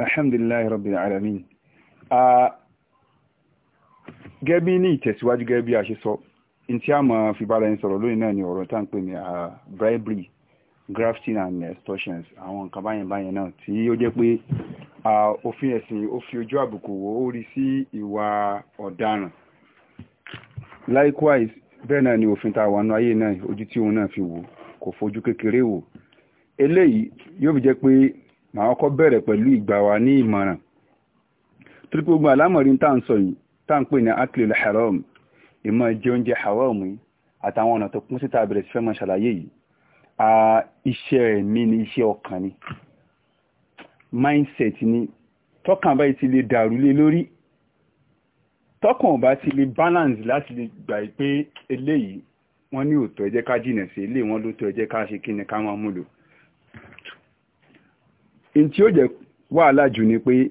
Alhamdulillah, rabbil alamin gẹ́bí ní ìtẹ̀síwájú gẹ́bí a ṣe sọ in tí a mọ̀ fi bára ẹni sọ̀rọ̀ lónìí náà ni ọ̀rọ̀ tá ń pè ní bribery grafting and extortions àwọn nǹkan báyẹn báyẹn náà tí ó jẹ́ pé òfin ẹ̀sìn ó fi ojú àbùkù wò ó rí sí ìwà ọ̀daràn likewise bẹ́ẹ̀ náà ni òfin tá a wà nú ayé náà ojú tí òun náà fi wò kò fojú kékeré wò eléyìí yóò fi jẹ́ pé màá kọ́kọ́ bẹ̀rẹ̀ pẹ̀lú ìgbà wa ní ìmọ̀ràn torí gbogbo alámọ̀rin tá à ń sọ yìí tá à ń pè ní akilil haram ìmọ̀ jẹ oúnjẹ haram yìí àtàwọn ọ̀nà tó kún síta bẹ̀rẹ̀ sí fẹ́ máa ṣàlàyé yìí iṣẹ́ ẹ̀mí ni iṣẹ́ ọkàn ni mindset ni tọ́kàn báyìí ti lè dàrú lé lórí tọ́kàn bá ti lè balance láti lè gbà pé eléyìí wọ́n ní òótọ́ ẹ jẹ́ ká jìnà sí eléyìí wọ́n ló tọ́ ká ṣe kí ni ká máa múlò n tí ó jẹ́ wàhálà jù ni pé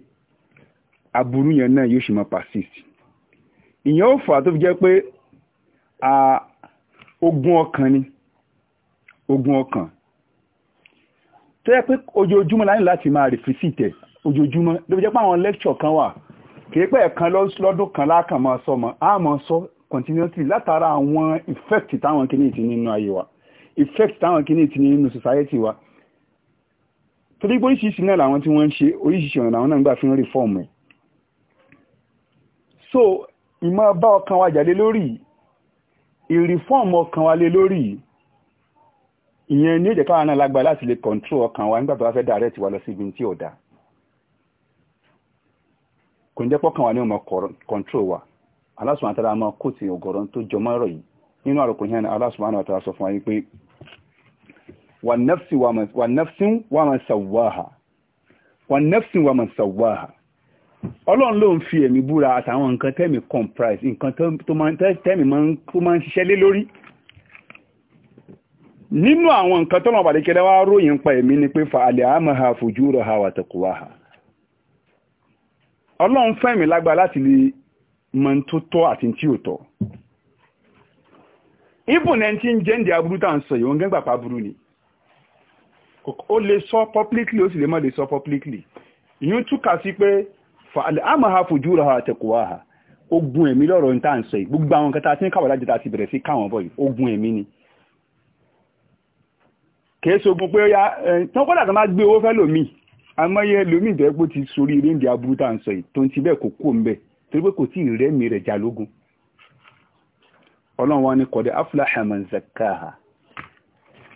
aburú yẹn náà yóò ṣì máa persist ìyẹn ó fà á tó fi jẹ́ pé ogun ọkàn ni ogun ọkàn tó yẹ pé ojoojúmọ́ láyìn láti máa rìfísì tẹ̀ ojoojúmọ́ ló fi jẹ́ pé àwọn lecture kan wà kìí pẹ́ kan lọ́dún kan láàkàn máa sọ mọ́ a máa sọ continuously látara àwọn effect táwọn kìíní ti nínú ayé wa effect táwọn kìíní ti nínú society wa torí pé oríṣiríṣi náà làwọn tí wọ́n ń ṣe oríṣiríṣi ọ̀nà làwọn náà ń gbà fi ń rí fọ́ọ̀mù so ìmọ̀ bá ọkàn wa jáde lórí ìrìfọ́ọ̀mù ọkàn wa lé lórí ìyẹn ní èdè káwa náà lágbára láti lè kọ̀ǹtró ọkàn wa nígbà tó bá fẹ́ direct wa lọ sí ibi tí ò dáa kò ní jẹ́ pọ́kàn wa ní ọmọ kọ̀ǹtró wa Allah subhanahu wa والنفس ومن والنفس ومن سواها والنفس ومن سواها ọlọ́run ló ń fi ẹ̀mí búra àtàwọn nǹkan tẹ́mi comprise nǹkan tó máa tẹ́mi máa ń ṣiṣẹ́ lé lórí nínú àwọn nǹkan tọ́lọ̀ bàdékẹ́lẹ́ wá ròyìn pa ẹ̀mí ni pé fàálẹ̀ àmàhà fujuraha wa taqwaha ọlọ́run fẹ́mi lágbà láti lè mọ̀ tó tọ́ àti tí ò tọ́ ibùn ẹni tí ń jẹ́ ń di aburú tá ń sọ yìí gẹ́gbà pa aburú ni o lè sọ publicly ó sì lè má lè sọ publicly ìyún túkà sí pé àmàhà fojú rà àtẹ̀kùwà ha ogun ẹ̀mí lọ́rọ̀ ní tá à ń sọ yìí gbogbo àwọn kẹta tí ń káwọ̀ lájẹta ti bẹ̀rẹ̀ sí káwọn bọ̀ yìí ogun ẹ̀mí ni kìí ṣogun pé ya tán kọ́dà tó máa gbé owó fẹ́ lòmíì amọ́yẹ lòmíì tẹ́ pé ti sórí ilé ìdí aburú tá à ń sọ yìí tó ń ti bẹ́ẹ̀ kó kó ń torí pé kò tí ì rẹ́mi rẹ̀ jà ọlọ́run wa ni kọ̀dẹ̀ afúláhàmà zakaha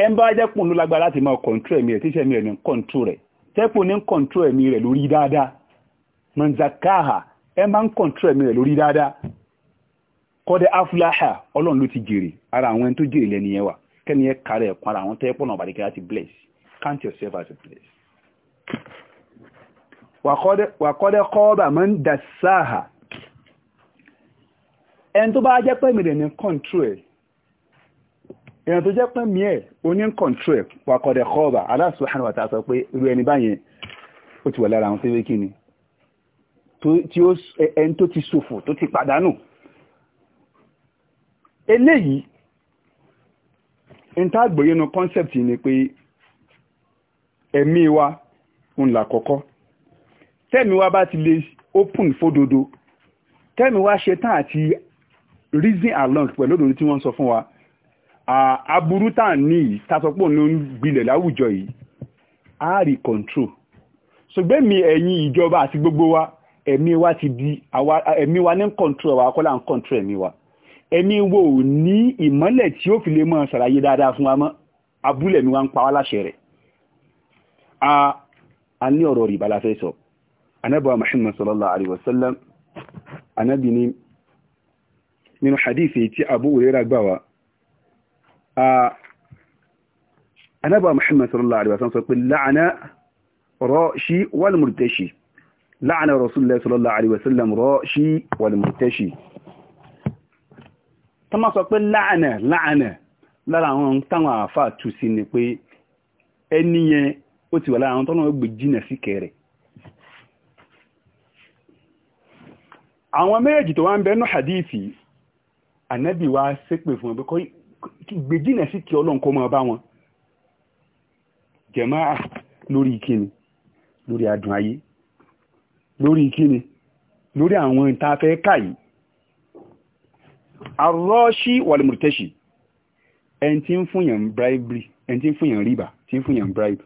ẹ ń bá jẹ́ pò ń ló lágbára láti máa kọ̀ǹtró ẹ̀mí rẹ̀ tíṣẹ́ mi rẹ̀ ní kọ̀ǹtró rẹ̀ tẹ́pò ní kọ̀ǹtró ẹ̀mí rẹ̀ lórí dáadáa mọ̀nzàkáhà ẹ máa ń kọ̀ǹtró ẹ̀mí rẹ̀ lórí dáadáa kọ́dẹ afúláhà ọlọ́run ló ti jèrè ara àwọn ẹni tó jèrè lẹ́ni yẹn wà kẹ́ni yẹn kárẹ̀ ẹ̀kọ́ ara àwọn tẹ́pọ̀ náà bàdìkẹ́ láti bless count yourself as a bless. wàkọ́dẹ máa ń ẹni tó bá jẹ́ ní ẹ̀ èèyàn tó jẹ́ pé mí ẹ̀ oní kọ̀ǹtrẹ̀ wakọ̀dẹ̀ kọ́ọ̀bà Allah subhanahu wa ta'ala sọ pé irú ẹni báyẹn ó ti wà lára àwọn tẹ́wé kíni tí ó ẹni tó ti ṣòfò tó ti pàdánù eléyìí n tá àgbòye concept ni pé ẹ̀mí wa ń là kọ́kọ́ tẹ́mi wa bá ti lè open fódodo tẹ́mi wa ṣetán àti reason along pẹ̀lú òdòdó tí wọ́n sọ fún wa aburú tá à ń ní yìí tá a sọ pé òun gbilẹ̀ láwùjọ yìí a rí control ṣùgbọ́n mi ẹ̀yin ìjọba àti gbogbo wa ẹ̀mí wa ti di ẹ̀mí wa ní control wa kọ́lá ń control ẹ̀mí wa ẹ̀mí wo ò ní ìmọ́lẹ̀ tí ó fi lè mọ́ ṣàlàyé dáadáa fún wa mọ́ abúlé mi wa ń pa wá láṣẹ rẹ̀ a ní ọ̀rọ̀ rìbá la fẹ́ sọ anábọ̀ Muhammad sallallahu alaihi wasallam anábì ni nínú hadith tí Abu Hurairah gbà wá anábà ah, muhammad sallallahu alaihi wasallam sọ pé láàánà rọ́ṣí wàlmùrtẹ́ṣì láàánà rasulullah sallallahu alaihi wasallam rọ́ṣí wàlmùrtẹ́ṣì tó máa sọ pé láàánà láàánà lára àwọn táwọn àfà tù sí ni pé ẹni yẹn ó ti wà lára àwọn tọ́nà gbè jìnà sí kẹrẹ̀ àwọn méjì tó wá ń bẹ́nu hadithi ìgbèjìnà sí kí ọlọ́run kọ́ máa bá wọn jẹ̀máà lórí ìkíni lórí adùn ayé lórí ìkíni lórí àwọn ìtafẹ́ káyìí arọ́ṣí wàlùmùtẹ́ṣì ẹni tí ń fúnyàn bribery ẹni tí ń fúnyàn rìbá tí ń fúnyàn bribe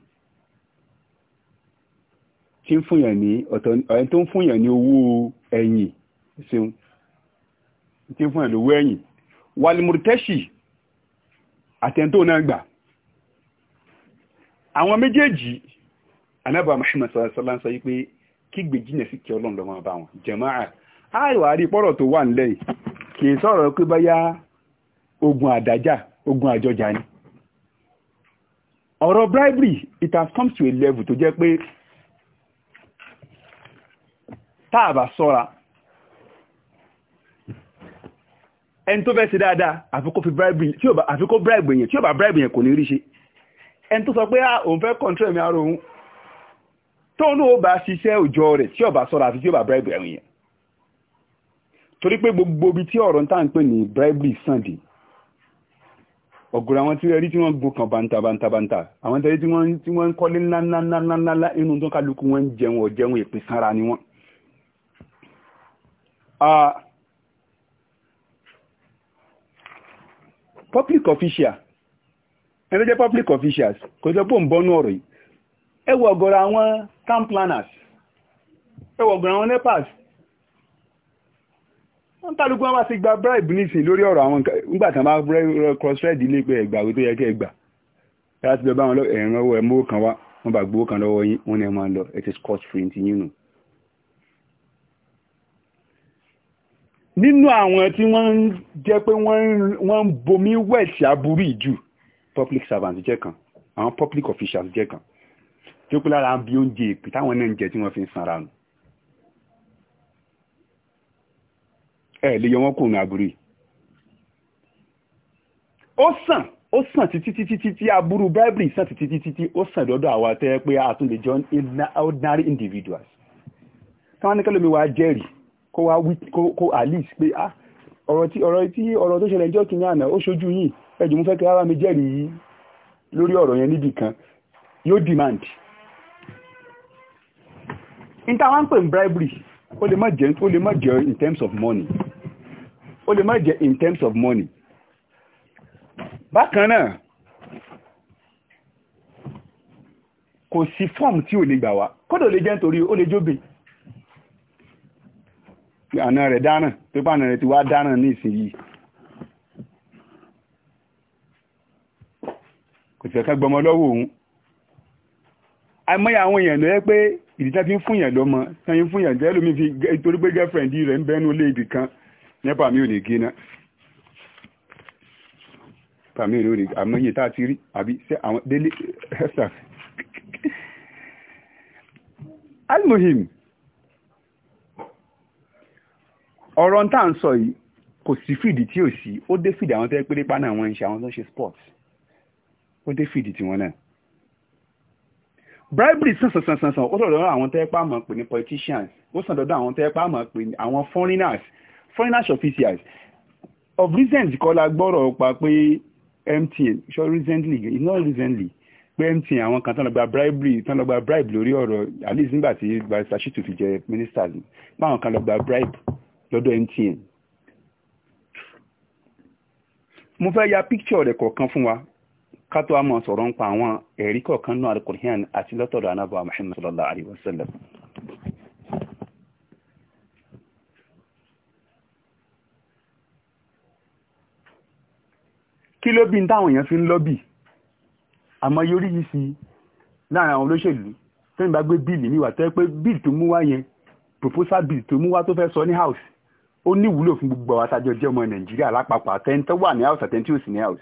tí ń fúnyàn ní ọ̀tọ̀ ẹni tó ń fúnyàn ní owó ẹ̀yìn ṣeun tí ń fúnyàn lówó ẹ̀yìn wàlùmùtẹ́ṣì àtẹ̀ntò náà gbà àwọn méjèèjì anábà Muhammad sọ́lá sọ pé kígbe jìnà sí kí ọlọ́run lọ́mọ bá wọn jẹ̀máà àìwà pọ́rọ̀ tó wà nílẹ̀ kì í sọ̀rọ̀ pé báyá ogun àdájà ogun àjọjà ni ọ̀rọ̀ bribery it has come to a level tó jẹ́ pé tá a bá ẹni tó fẹ́ ṣe dáadáa àfi kó fi bribe tí ó bá àfi kó bribe yẹn tí ó bá bribe yẹn kò ní rí ṣe ẹni tó sọ pé ah, òun fẹ́ control mi ara òun tóun náà ó bá ṣiṣẹ́ òjò rẹ̀ tí ó bá sọ̀rọ̀ àfi tí ó bá bribe yẹn torí pé gbogbo ibi tí ọ̀rọ̀ tá à ń pè ní bribery sànde ọ̀gọ̀rọ̀ àwọn tí wọ́n rí tí wọ́n gun kan bàǹtà bàǹtà bàǹtà àwọn tẹ̀lé tí wọ́n tí wọ́n ń kọ́lé ńlá ńlá ńlá ńlá ńlá ńlá inú tó kálukú wọn ń public official ẹni jẹ́ public officials kò jọ pé ń bọ́nú ọ̀rọ̀ yìí ẹ wọ ọ̀gọ̀rọ̀ àwọn town planners ẹ wọ ọ̀gọ̀rọ̀ àwọn nepas wọ́n tàbíkú wọn bá ti gba bribe nísìn lórí ọ̀rọ̀ àwọn nígbà tí wọ́n bá cross-red ilé pé ẹgbà tó yẹ kí ẹgbà láti lọ bá wọn ẹ̀rọ ẹ̀mọ́ kan wá wọ́n bá gbowó kan lọ́wọ́ yín wọ́n ní ẹ máa lọ it is cost free ti yín nù nínú àwọn tí wọ́n ń jẹ́ pé wọ́n ń bomi wẹ̀sì aburú ìjù public servants jẹ́ kan àwọn public officials jẹ́ kan tí ó pé lára bí oúnjẹ èpè táwọn náà ń jẹ tí wọ́n fi ń sanra nù. ẹ lè yọ wọn kò ní aburú yìí. ó sàn ó sàn títí títí títí aburú báíbìlì sàn títí títí títí ó sàn dọ́dọ̀ àwa tẹ́ pé a tún lè jọ ordinary individuals. táwọn ní kẹ́lómi wa jẹ́rìí kó wá wí kó alice pé ah ọ̀rọ̀ tí ọ̀rọ̀ tí ọ̀rọ̀ tó ṣẹlẹ̀ jọ́ kìíní àná ó ṣojú yìí ẹ̀jù mo fẹ́ kí ara mi jẹ́rìí lórí ọ̀rọ̀ yẹn níbì kan yóò demand. níta wá ń pè ní bribery ó lè má jẹ́ ó lè má jẹ́ in terms of money ó lè má jẹ́ in terms of money. bákan náà kò sí fọ́ọ̀mù tí ò lè gbà wá kódà lè jẹ́ nítorí ó lè jóbe àna rẹ̀ dáràn tó pàna rẹ̀ ti wá dáràn ní ìsinyìí kò sì ẹ̀ka gbọmọ lọ́wọ́ òun àìmọye àwọn èèyàn ló yẹ pé ìdí tá fi ń fúnyàn lọ́mọ tá fi ń fúnyàn jẹ́ lómi fi torí pé girlfriend rẹ̀ ń bẹ́nu lé ibì kan nípa mi ò lè gé náà tàmí ìlú rí àmọ́yé tá a ti rí àbí ṣe àwọn délé ẹ̀sà almuhim ọ̀rọ̀ tá à ń sọ yìí kò sí fìdí tí ò sí ó dé fìdí àwọn tó yẹ pé nípa náà wọ́n ń ṣe àwọn tó ń ṣe sports ó dé fìdí tiwọn náà bribery sàn sàn sàn sàn ó sọ̀rọ̀ lọ́wọ́ àwọn tó yẹ pé àmọ́ pè ní politicians ó sàn dọ́dọ̀ àwọn tó yẹ pé àmọ́ pè ní àwọn foreigners foreigners officials of recent kọ́ la gbọ́rọ̀ pa pé MTN sọ recently it's not recently pé MTN àwọn kan tán lọ gba bribery tán lọ gba bribe lórí ọ̀rọ̀ at least nígbà tí gbàṣítù fi jẹ minister báwọn kan lọ gba bribe lọ́dọ̀ MTN mo fẹ́ ya píkṣọ̀ rẹ̀ kọ̀ọ̀kan fún wa ká tó a mọ̀ sọ̀rọ̀ ń pa àwọn ẹ̀rí kọ̀ọ̀kan náà al àti lọ́tọ̀dọ̀ anábọ̀ Muhammad sallallahu alaihi kí ló bí ń táwọn èèyàn fi ń lọ́bì àmọ́ yorí yìí sí láàrin àwọn olóṣèlú tẹ́yìn bá gbé bíìlì níwà tẹ́ pé bíìlì tó mú wá yẹn proposal bíìlì tó mú wá tó fẹ́ sọ ní house ó ní ìwúlò fún gbogbo àwọn aṣáájú ọjọ́ ọmọ nàìjíríà lápapọ̀ àtẹni tó wà ní house àtẹni tí ò sí ní house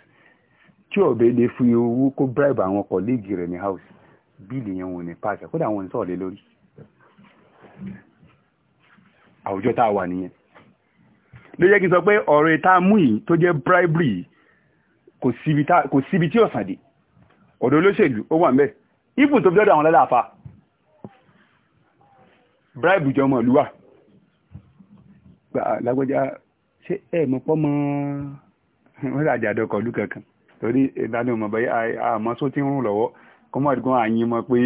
tí ọ̀bẹ lè fi owó kó bribe àwọn kọ̀léègì rẹ̀ ní house bíìlì yẹn wò ní pàṣẹ kódà wọn ń sọ̀rọ̀ lé lórí àwùjọ tá a wà nìyẹn ló yẹ kí n sọ pé ọ̀rọ̀ ìta mú yìí tó jẹ́ bribery kò síbi tí ọ̀sán dé ọ̀dọ̀ olóṣèlú ó wà ń bẹ̀ ibùn tó fi dọ́dọ̀ àwọn lọ́dà fa bribe jọmọ ìlú wà lágbájá ṣe ẹ mọ̀ pọ́ mọ́ wọ́n ṣe àjàdọ̀ kọ̀ọ̀lù kankan torí ìdáná ọmọ bẹ́ẹ̀ àmọ́ só ti ń rún lọ́wọ́ kọ́mọ̀dé kan àyìn mọ́ pé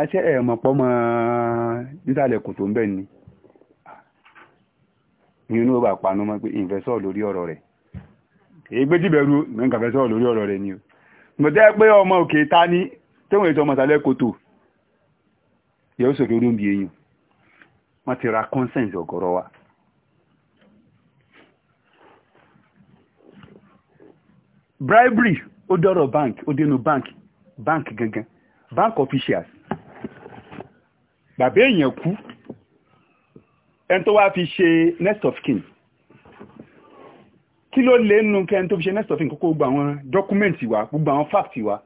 àṣẹ ẹ mọ̀ pọ́ mọ́ nísàlẹ̀ kòtò ń bẹ̀ ni ní inú bá panu mọ́ pé ìfẹsọ̀ lórí ọ̀rọ̀ rẹ̀ èyí gbé dìbẹ̀rù nǹkan fẹsọ̀ lórí ọ̀rọ̀ rẹ̀ ni o mọ̀tẹ́ pé ọmọ òkè ta ni tóun ètò ọmọ yóò èèyàn wọ́n ti ra consent ọ̀gọ̀rọ̀ wa bribery ó dọ́rọ̀ bank ó dénú bank bank gangan bank officials bàbá èèyàn kú ẹni tó wá fi ṣe next of kin kí ló lè nu kẹ́ni tó fi ṣe next of kin kókó gbogbo àwọn dọ́kúmẹ̀ntì wa gbogbo àwọn fáàtì wa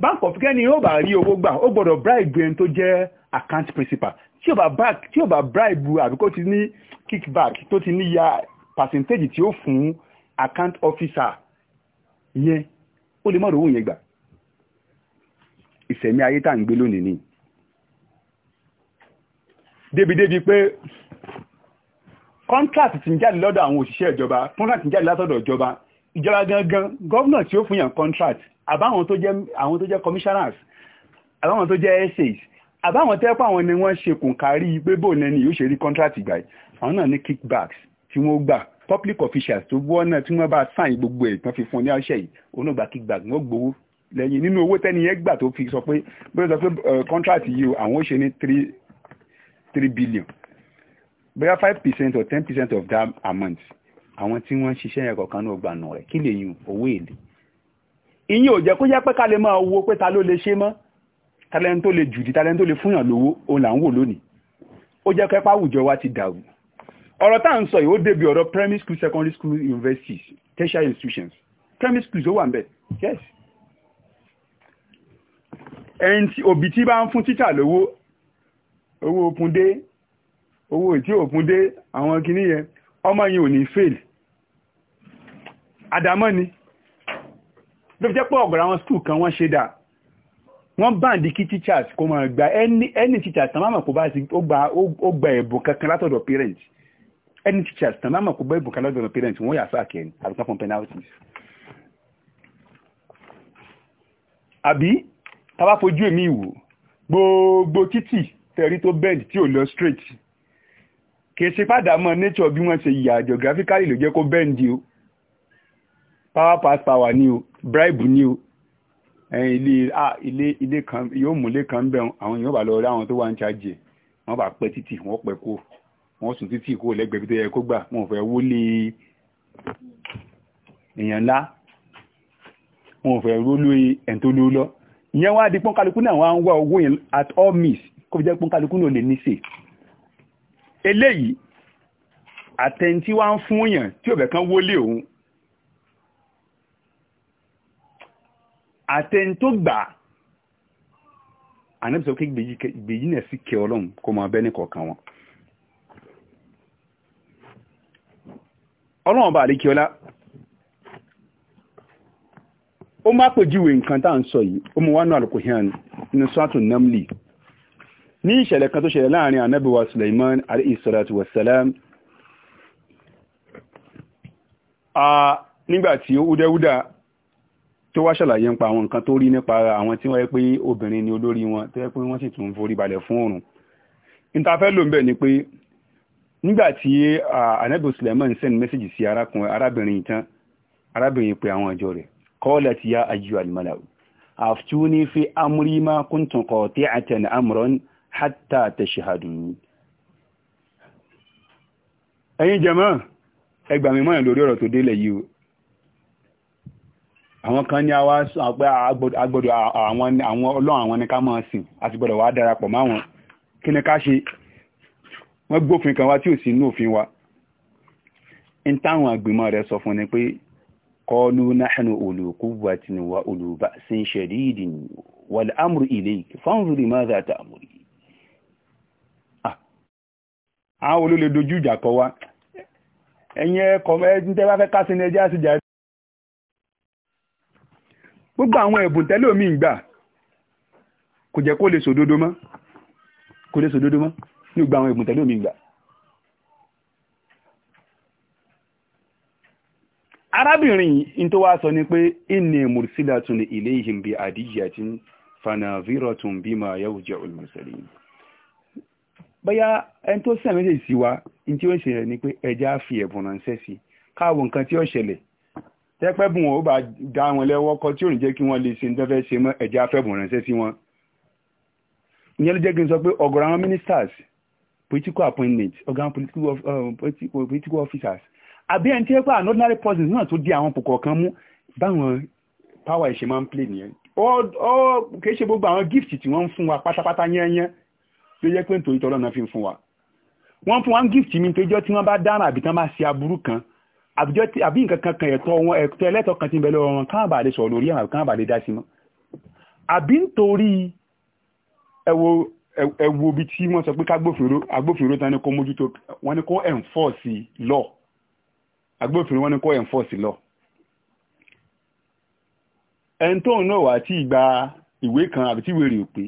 bank of kẹ́ni yóò bá rí owó gbà ó gbọ́dọ̀ bribe ẹni tó jẹ́ account principal tí ò bá back tí ò bá bribe àbí kó ti ní kickback tó ti ní ya percentage tí ó fún account officer yẹn ó lè mọ̀rọ̀ owó yẹn gbà ìsẹ̀mí ayé tá ń gbé lónìí ni débidébi pé contract ti ń jáde lọ́dọ̀ àwọn òṣìṣẹ́ ìjọba contract ti ń jáde látọ̀dọ̀ ìjọba ìjọba gangan gọ́vnà tí ó fún yàn contract àbáwọn tó jẹ́ àwọn tó jẹ́ commissioners àbáwọn tó jẹ́ essays àbáwọn tẹ́pọ̀ àwọn ni wọ́n ṣe kùn kárí pé bò nẹni yóò ṣe rí contract gbà yìí àwọn náà ní kickbacks tí wọ́n gbà public officials tó wọ́n náà tí wọ́n bá sáìn gbogbo ẹ̀ tán fi fún ní ọṣẹ yìí onógbà kickback wọ́n gbowó lẹ́yìn nínú owó tẹ́niyẹn gbà tó fi sọ pé bí wọ́n sọ pé contract yìí o àwọn ó ṣe ní three three billion bóyá five percent or ten percent of that amount àwọn tí wọ́n ń ṣiṣẹ́ yẹn kọ̀ọ̀kan ní ọgbà nù rẹ̀ kí lè yun owó èlé ìyẹn ò jẹ́ kó yẹ pé ká lè máa wo pé ta ló lè ṣe mọ́ talẹ́ni tó le jùdí talẹ́ni tó le fúnyàn lówó òun là ń wò lónìí ó jẹ́ kẹ́pá àwùjọ wa ti dàrú ọ̀rọ̀ tá à ń sọ yìí ó débi ọ̀rọ̀ primary school secondary school universities tertiary institutions primary schools ó wà ń yes ẹni tí òbí tí bá ń fún títà lówó owó òpin dé owó tí òpin dé àwọn kìíní yẹn ọmọ yìí ò ní fail àdámọ́ ni ló fi jẹ́ pé ọ̀gọ̀rọ̀ àwọn school kan wọ́n ṣe dáa wọ́n báǹdì kí teachers kó máa gba any teachers tán máa mọ̀ kó bá sí ó gba ẹ̀bùn kankan látọ̀dọ̀ parents any teachers tán máa mọ̀ kó gba ẹ̀bùn kankan látọ̀dọ̀ parents wọ́n yà sáà kẹ́ni àbíkan fún penalties. àbí tábà fojú èmi wò gbogbo títì tẹ̀rí tó bend tí ò lọ straight kì í ṣe fàdámọ́ nature bí wọ́n ṣe yà geographically ló jẹ́ kó bend o power pass power ni o bribe ni o ilé ilé kan yóò mú ilé kan bẹ̀rù àwọn èèyàn bá lọ rí àwọn tó wà ń ṣáàjì wọ́n bá pẹ́ títì wọ́n pẹ́ kó wọ́n sùn títì kó lẹ́gbẹ̀ẹ́ bí tó yẹ kó gbà wọ́n fẹ́ wọlé èèyàn ńlá wọ́n fẹ́ rólú ẹ̀ tó ló lọ ìyẹn wá di pọ́nkálukú náà wá ń wá owó yẹn at all means kó fi jẹ́ pọ́nkálukú náà lè níṣe eléyìí àtẹ̀ntí wá ń fún yàn tí òbẹ̀ kan wọlé òun àtẹni tó gbà ànábì sọ pé gbèyí náà sì kẹ ọlọ́run kó máa bẹ́ ní kọ̀ọ̀kan wọn. ọlọ́run ọba àlékiọlá ó má pèjúwe nǹkan tá à ń sọ yìí ó mú wá náà Al-Qur'an nínú sọ́ọ̀tù ní ìṣẹ̀lẹ̀ kan tó ṣẹlẹ̀ láàrin ànábì wa Sulaiman alayhi salatu wa salam nígbàtí ó wúdáwúdá tó wá ṣàlàyé nípa àwọn nǹkan tó rí nípa àwọn tí wọ́n yẹ pé obìnrin ni olórí wọn tó yẹ pé wọ́n sì tún ń forí balẹ̀ fún oòrùn níta fẹ́ ń bẹ̀ ni pé nígbà tí anabi suleiman send message sí arábìnrin tán arábìnrin pé àwọn ìjọ rẹ̀ kọ́ọ̀lẹ̀ ti ya ayu alimalawu aftuni fi amri ma kuntum qati'atan amran hatta tashhadun ẹ̀yin jẹ̀mọ́ ẹgbàmímọ́ lórí ọ̀rọ̀ tó délẹ̀ yìí àwọn kan ní àwa sọ pé agbọ́dọ̀ àwọn ọlọ́run àwọn ní ká máa sìn àti gbọ́dọ̀ wá darapọ̀ máwọn kí ni ká ṣe wọ́n gbófin kan wá tí ò sí inú òfin wa ń táwọn rẹ̀ sọ fún ni pé kọlu àwọn olólè dojú ìjà kọ wa ní ẹjẹ́ àṣìjà gbogbo àwọn ẹ̀bùn tẹ́lẹ̀ omi ń gbà kò jẹ́ kó lè sòdodo mọ́ kó lè sòdodo mọ́ ní gbogbo àwọn ẹ̀bùn tẹ́lẹ̀ omi ń gbà. ni pé bima yarji'ul mursalin bóyá ẹni tó sẹ́yìn méjèèjì sí wa ní tí ó ń ṣe rẹ̀ ni pé ẹja fi ẹ̀bùn ránṣẹ́ sí káwọn nǹkan tí ó ṣẹlẹ̀ tẹ́pẹ́ bùn ó bá dá wọn lẹ́wọ́ kọ tí ò ní jẹ́ kí wọ́n lè ṣe nítorí fẹ́ ṣe mọ́ ẹ̀jẹ̀ afẹ́bùn ránṣẹ́ sí wọn. ìyẹn ló jẹ́ kí n sọ pé ọ̀gọ̀rọ̀ àwọn ministers political appointments ọ̀gá um, political officers àbí ẹni tí ẹ pa an ordinary person náà tó di àwọn pòkò kan mú báwọn power ẹ̀ ṣe máa ń play nìyẹn ó kìí ṣe gbogbo àwọn gift tí wọ́n ń fún wa pátápátá yẹ́nyẹ́ ló jẹ́ pé nítorí tọ́lọ́ náà fi ń fún wa wọ́n fún wa gift àbíjọ́ tí àbí nǹkan kan kan ẹ̀tọ́ wọn ẹ̀tọ́ ẹlẹ́tọ̀ kan ti ń bẹ lọ́wọ́ wọn káàbà lè sọ̀rọ̀ lórí àwọn káàbà lè dá sí mọ́ àbí nítorí ẹ̀wọ̀ ẹ̀wọ̀ ibi tí wọ́n sọ pé kágbófinró agbófinró tán ni kó mójútó wọ́n ní kó enforce law agbófinró wọ́n ní kó enforce law ẹni tó ń náà wá tí ìgbà ìwé kan àbí tí ìwé rè pé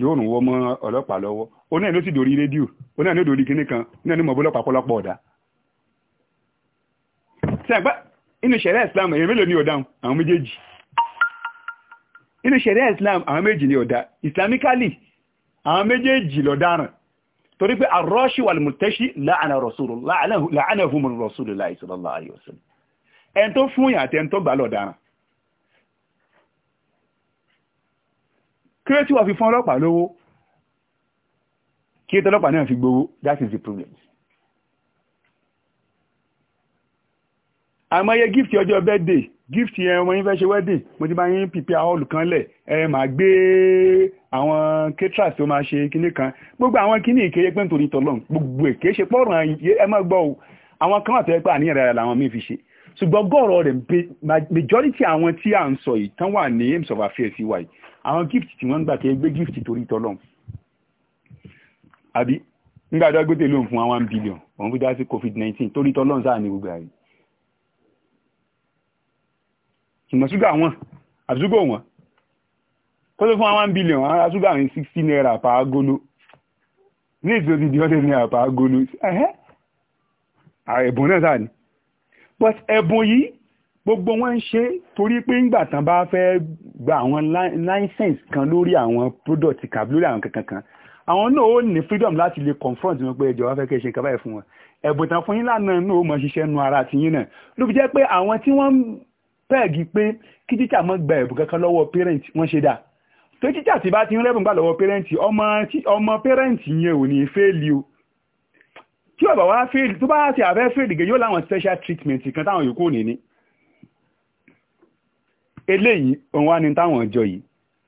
yóò rùn wọ́n mọ́ ọlọ́pàá lọ́wọ́ onáà ló sì dórí rédíò onáà ló dórí kinní kan onáà ló mọ̀ bọ́lọ́pàá pọ́lọ́pọ̀ ọ̀dà sẹ́gbẹ́ inú ṣẹ̀rẹ́ islam èyàn mélòó ni ó dáhùn àwọn méjèèjì inú ṣẹ̀rẹ́ islam àwọn méjì ni ó dá islamically àwọn méjèèjì ló dáràn torí pé arọ́ṣì wà lùmùtẹ́ṣì láàánà rọ̀sùlù láàánà fún rọ̀sùlù láì sallallahu alaihi wasallam ẹn tó fún yàn àti ẹn tó gbà ló dáràn fún ọlọ́pàá lówó kí ètò ọlọ́pàá náà fi gbowó that is the problem àmọ́yé gift ọjọ́ birthday gift yẹn ọmọ yín fẹ́ ṣe wedding mo ti bá yín pìpì hall kan lẹ̀ ẹ máa gbé àwọn caterers tó máa ṣe kinní kan gbogbo àwọn kinní ìkéyẹ pé nítorí tọ́lọ́n gbogbo èké ṣe pọ́ọ̀rọ̀ ẹ má gbọ́ o àwọn kan wà tẹ́ pé àníyàn rẹ̀ làwọn míì fi ṣe ṣùgbọ́n gọ́ọ̀rọ̀ rẹ̀ majority àwọn tí à ń sọ yìí tán wà ní aims of affairs wa yìí àwọn gift tí wọ́n ń gbà kéé gbé gift torí tọ́lọ́n àbí nígbà tó gbé tèlóhùn fún one billion òun fi dá sí covid nineteen torí tọ́lọ́n sáà ní gbogbo àyè ṣùgbọ́n ṣúgà wọn àṣúgà wọn kó tó fún wa one billion ara ṣúgà ní sixty naira pa agolo ní ìṣòro ti di hundred naira pa agolo ẹ̀bùn náà sáà ni but ẹ̀bùn yìí gbogbo wọn ń ṣe torí pé ńgbà tán bá fẹ́ gba àwọn license kan lórí àwọn product kan lórí àwọn kankan kan àwọn náà ó ní freedom láti lè confront wọn pé ẹjọ́ wá fẹ́ kẹ́ ṣe nǹkan báyìí fún wọn ẹ̀bùn tán fún yín lánàá náà ó mọ ṣiṣẹ́ nu ara tiyín náà ló fi jẹ́ pé àwọn tí wọ́n pẹ́ẹ̀gì pé kí tíṣà mọ́ gba ẹ̀bùn kankan lọ́wọ́ pẹ́rẹ́ǹtì wọ́n ṣe dáa tó tíṣà ti bá ti ń rẹ́bùn gbà lọ́wọ́ pẹ́rẹ́ǹtì ọmọ pẹ́rẹ́ǹtì yẹn ò ní fẹ́ẹ̀lì o tí ọ̀bà wá fẹ́ẹ̀lì tó bá ti àfẹ́ fẹ́ẹ̀lì gẹ̀ yóò láwọn special treatment kan táwọn yòókù ní ní eléyìí òun wá ní táwọn ọjọ́ yìí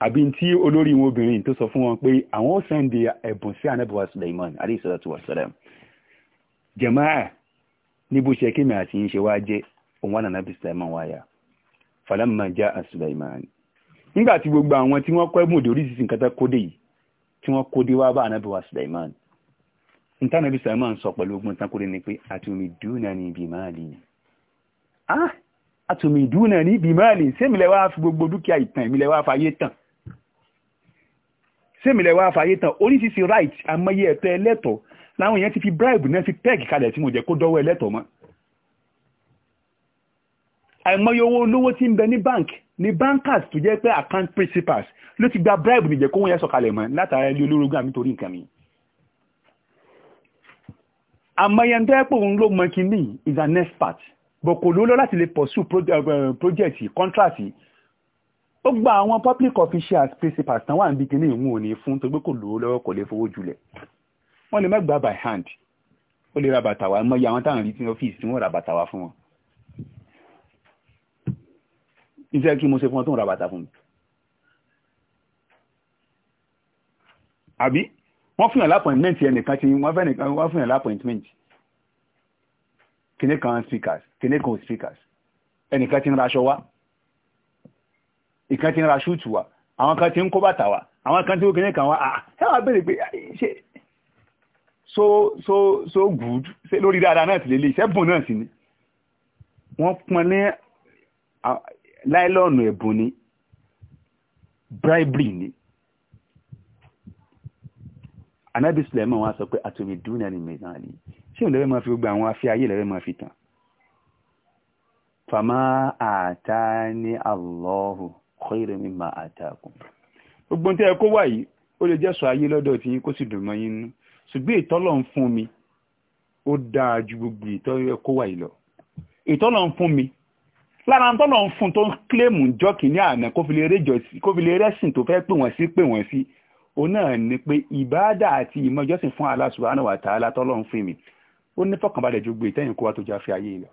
àbí tí olórí wọn obìnrin tó sọ fún wọn pé àwọn ó sẹ́ndì ẹ̀bùn sí anábọ̀wá Suleiman alayhi salatu wa salam jẹ̀máà ṣe kí mi àti yín ṣe wá jẹ́ òun wà nánà bí Suleiman wáyà falamma jaa Sulaiman nígbà tí gbogbo àwọn tí wọ́n kọ́ ẹ̀bùn òdòrí sísìn kẹta kódé yìí tí wọ́n kódé wá bá ànábì wa Sulaiman ntánàbí Sulaiman sọ pẹ̀lú ogun tán kódé ni pé atumidunani bimali ah atumidunani bimali sẹ́mìlẹ̀ wá fi gbogbo dúkìá ìtàn ìmìlẹ̀ wá fayé tàn sẹ́mìlẹ̀ wá fayé tàn oríṣiríṣi right amẹ́yẹ ẹ̀tọ́ ẹlẹ́tọ̀ láwọn èèyàn ti fi bribe náà ti peg kalẹ̀ tí mo jẹ́ kó dọ́wọ́ ẹlẹ́tọ̀ mọ́ àìmọye owó olówó tí ń bẹ ní bank ni bankers tó jẹ́ pé account principals ló ti gba bribe nìjẹ́ kó wọ́n yẹ sọ̀kalẹ̀ mọ́ látara ilé olórogún àmì torí nǹkan mi. àmọye ń tẹ́pọ̀ òun ló mọ kínní is an expert but kò lówó láti lè pursue eh, eh, project contract ó gba àwọn public officials principals tán wà níbi kínní ìwọ̀n òní fún tó gbé kò lówó lọ́wọ́ kò lè fowó julẹ̀ wọ́n lè má gbà by hand ó lè ra bàtà wá mọ́ye àwọn táwọn rí tí wọ́n fi ìsìn wọn ra bàtà wá fún wọn iṣẹ́ kí mo ṣe fún ọ tó ń ra bàtà fún mi àbí wọ́n fún yàn lápọ̀ìntmẹ́ǹtì ẹnìkan tí wọ́n fẹ́ wọ́n fún yàn lápọ̀ìntmẹ́ǹtì speakers kìnnì kan speakers ẹnìkan tí ń ra aṣọ wa ìkan tí ń ra ṣúùtù wa àwọn kan tí ń kó bàtà wa àwọn kan tí ó kìnnì kan wa ah ẹ wá bèrè pé ṣe so so so good ṣe lórí dáadáa náà ti lè lè iṣẹ́ náà sí ni wọ́n pọn ní láìlọ́ọ̀nù ẹ̀bùn ni bribery ni anabi suleiman wa sọ pé àtòmí dúnà ni mẹ́ta ni ṣé òun lẹ́rẹ́ máa fi gbogbo àwọn afẹ́ ayé lẹ́rẹ́ máa fi tàn fàmà àtà ní Allahu khairu mimma àtàkùn gbogbo tẹ́ ẹ kó wà yìí ó lè jẹ́ sọ ayé lọ́dọ̀ tí kò sì dùn mọ́ yín ṣùgbọ́n ìtọ́lọ̀ ń fún mi ó dáa ju gbogbo ìtọ́lọ̀ kó wà yìí lọ ìtọ́lọ̀ ń fún mi lára ń tọ́nà ń fún tó ń kílèmù jọ́kì ní àná kó fi lè rẹ́sìn tó fẹ́ pè wọ́n sí pè wọ́n sí òun náà ni pé ìbáàdà àti ìmọ̀ ìjọsìn fún Allah subhanahu wa ta'ala tọ́lọ́ ń fún mi ó ní fọkànbalẹ̀ ju gbé ìtẹ́yìn kó wa tó já fi ayé lọ.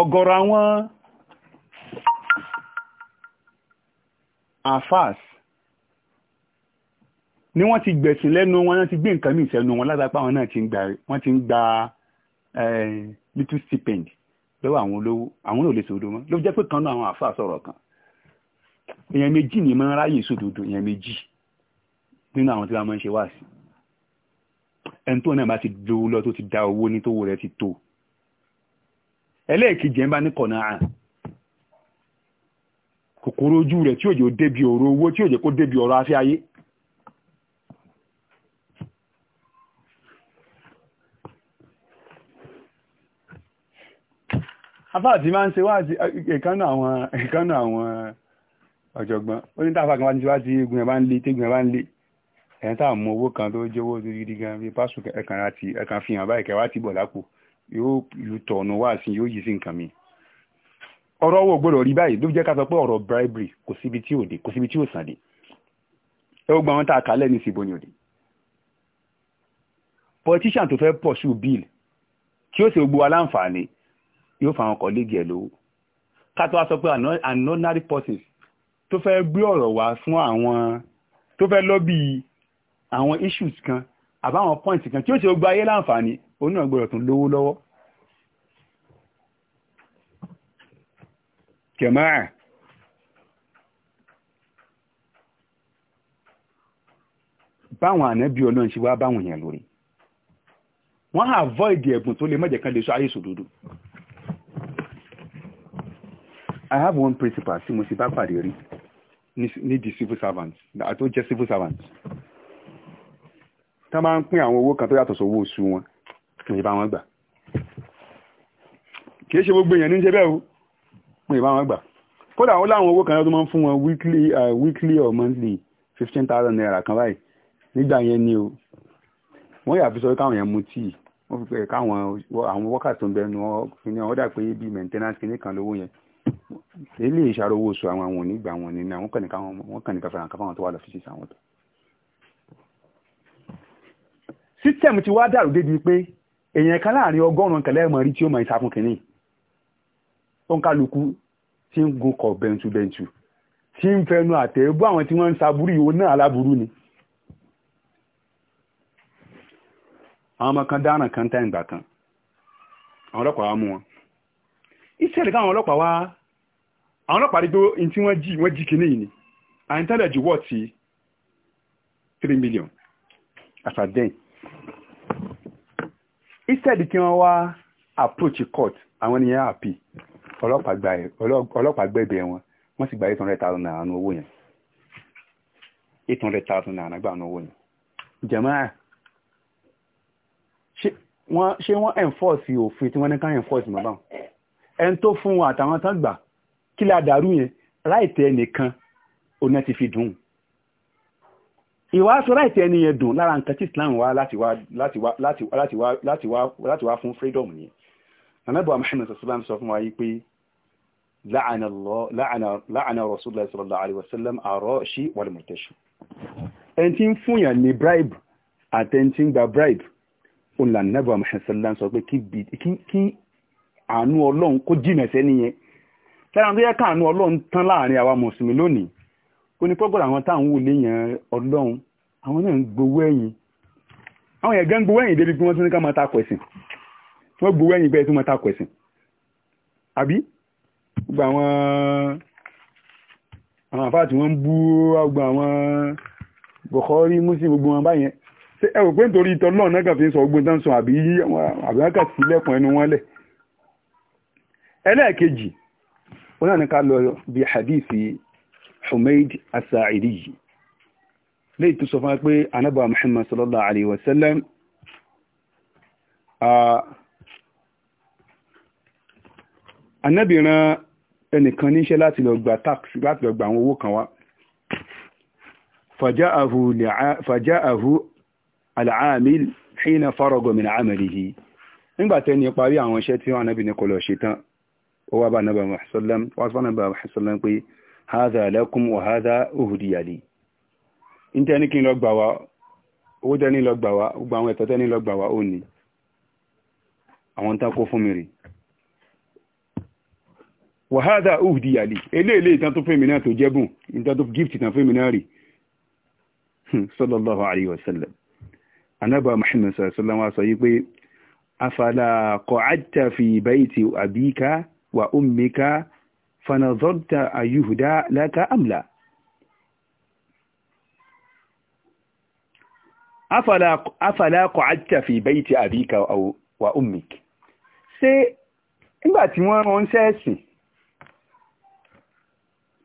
ọ̀gọ̀rọ̀ àwọn àfáàs ni wọ́n ti gbẹ̀sìn lẹ́nu wọn náà ti gbé nǹkan míì sẹ́nu wọn látàpá wọn náà ti ń gba wọ́n ti ń gba little stipend lọ́wọ́ àwọn olówó àwọn náà lè sòdodo mọ́ ló jẹ́ pé kan náà àwọn àfa sọ̀rọ̀ kan èèyàn méjì ni máa ń ráyè sòdodo èèyàn méjì nínú àwọn tí wọ́n máa ń ṣe wá sí ẹni tó náà bá ti dowó lọ tó ti da owó ní tówó rẹ̀ ti tó ẹlẹ́ẹ̀kejì ẹ̀ ń bá ní kọ̀nà àn kòkòrò ojú rẹ̀ tí òjò débi ọ̀rọ̀ owó tí òjò kó débi ọ̀rọ̀ afẹ́ ayé afáàtí máa ń ṣe wá sí ìkánú àwọn ìkánú àwọn ọ̀jọ̀gbọ́n ó ní táfà kan wá ti wá sí egun ẹ̀ bá ń lé tégun ẹ̀ bá ń lé ẹ̀yìn táà mú owó kan tó jẹ́wọ́ tó gidi gan bí pásù ẹ̀kan àti ẹ̀kan fi hàn báyìí kẹwàá ti bọ̀ lápò yóò lu tọ̀nù wá sí yóò yí sí nǹkan mi ọ̀rọ̀ owó gbọ́dọ̀ rí báyìí ló jẹ́ ká sọ pé ọ̀rọ̀ bribery kò síbi tí ò dé kò síbi tí ò sàn a kálẹ̀ ní ìsìnbó ni ò dé politician tó fẹ́ pọ̀ sí yóò fa àwọn kọ̀lígì ẹ̀ lówó ká tó wá sọ pé anonary forces tó fẹ́ gbé ọ̀rọ̀ wá fún àwọn tó fẹ́ lọ́bì àwọn issues kan àbáwọn points kan tí ó ṣe gba ayé láǹfààní oní ọgbọ̀rọ̀ tún lówó lọ́wọ́ kẹmáà báwọn ànábí ọlọ́run ṣe wá báwọn èèyàn lórí wọ́n avoid ẹ̀bùn tó lè mọ́jẹ̀ kan lè sọ ayé sòdodo I have one principal tí mo sì bá pàdé rí ní di civil servant àti ó jẹ́ civil servant tá máa ń pín àwọn owó kan tó yàtọ̀ sówó oṣù wọn pín ìbá wọn gbà kì í ṣe gbogbo èèyàn ní jẹ́ bẹ́ẹ̀ o pín ìbá wọn gbà kódà ó láwọn owó kan tó máa ń fún wọn weekly uh, weekly or monthly fifteen thousand naira kan báyìí nígbà yẹn ni o wọ́n yà fi sọ káwọn yẹn mu tíì wọ́n fi pẹ̀ káwọn àwọn wọ́kà tó ń bẹnu wọn fi ní ọ̀dà pé bíi maintenance kìíní kan lówó yẹn eléyìí ìṣàròwò oṣù àwọn àwọn onígbà wọn ní àwọn kàn ní káfíńkà fáwọn tó wà lọ́fíìsì àwọn tó. sítẹ̀mù ti wá dàrú débi pé èèyàn kan láàrin ọgọ́rùn-ún kẹlẹ́ mọ̀ rí tí ó mọ̀ ìsàfún kìíní ó ń kálukú tí ń gun kọ̀ bẹ̀ntùbẹ̀ntù tí ń fẹnu àtẹ̀bú àwọn tí wọ́n ń saburú ìwò náà aláburú ni. àwọn ọmọ kan dáràn kan tá ìgbà kan àwọn ọlọ́pàá wá mú wọn israel káwọn ọlọ́pàá wá àwọn ọlọ́pàá rí pé n tí wọ́n jí wọ́n jí kinní yìí ni and tell you what three million as at then instead kí wọ́n wá approach court àwọn ènìyàn àpì ọlọ́pàá gbẹ̀bẹ̀ wọn wọ́n sì gba eight hundred thousand naira nu owó yẹn eight hundred thousand naira gbà nu owó yẹn jẹ̀máà ṣé wọ́n enforce òfin tí wọ́n ní ká enforce mọ́ báwọn ẹni tó fún wọn àtàwọn tán gbà kí la dàrú yẹn ráìtì ẹnìkan oná ti fi dùn ìwà aṣọ ráìtì ẹni yẹn dùn lára nǹkan tí Islam wá láti wá láti wá láti wá láti wá láti wá láti wá fún freedom yẹn nàmẹ́bọ̀ Muhammad sọ̀sọ́lá sọ fún wa yìí pé láàánà Rasulullah sallallahu alaihi wasallam àrọ́ sí wàlùmọ̀tẹ́ṣù ẹni tí ń fún yàn ní bribe àtẹni tí ń gba bribe òun là nàbọ̀ Muhammad sọ̀sọ́lá sọ pé kí àánú ọlọ́run kó jìnà sẹ́ni yẹn lára tó yẹ káàánú ọlọ́run tán láàrin àwa mùsùlùmí lónìí ó ní pọ́gbọ́dọ̀ àwọn táwọn wò léèyàn ọlọ́run àwọn náà ń gbowó ẹ̀yìn àwọn yẹn gán gbowó ẹ̀yìn débi bí wọ́n tún ní ká máa takò ẹ̀sìn wọ́n gbowó ẹ̀yìn bẹ́ẹ̀ tún máa takò ẹ̀sìn àbí gbogbo àwọn àwọn àfáà tí wọ́n ń bú gbogbo àwọn Bukhari Muslim gbogbo wọn báyẹn ẹ rò pé nítorí ìtọ́lọ́ọ̀ náà kàn sọ gbogbo tán sọ àbí àwọn àkàtúntì lẹ́kùn ẹnu wọn lẹ̀ ẹlẹ́ẹ̀kejì wọn náà ní ká lọ bí hadithi Humayd As-Sa'idi yìí léyìí tó sọ fún wa pé anábà Muhammad sallallahu alayhi wa sallam anábìran ẹnìkan níṣẹ́ láti lọ gba tax láti lọ gba àwọn owó kan wá fàjáàhù al'amil hìna farago min amalihi nígbàtẹ́ ni parí àwọn iṣẹ́ tí wọ́n anábì ní kò ó wá bá nàbà mọ̀sálẹ́m wá sọ́nà bá mọ̀sálẹ́m pé haza lakum wa haza uhdiya li níta ní kí n lọ gbà wá owó tẹ́ ní lọ gbà wá gbogbo àwọn ẹ̀tọ́ tẹ́ ní lọ gbà wá ó ní àwọn tán kó fún mi rè wa haza uhdiya li eléèlé ìtàn tó fún mi náà tó jẹ́bùn ìtàn tó gift ìtàn fún mi náà rè hmm, sallallahu alayhi wa sallam anábà muhammad sallallahu alayhi wa sallam wá sọ yí pé afala qa'adta fi bayti abika wa ummika fanazorta ayuhuda laka amla afala qa'adta fi bayti abika wa ummik ṣé nígbà tí wọ́n ran sẹ́ẹ̀sìn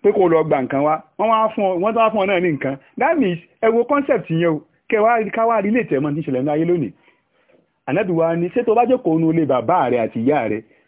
pé kò lọ gba nǹkan wá wọ́n wá fún ọ wọ́n tó wá fún ọ náà ní nǹkan that means concept yẹn o kẹwàá rí lè tẹ̀mọ́ ní ìṣẹ̀lẹ̀ ní ayé lónìí ànábìwá ni ṣé tó bá jókòó nu ilé bàbá rẹ àti ìyá rẹ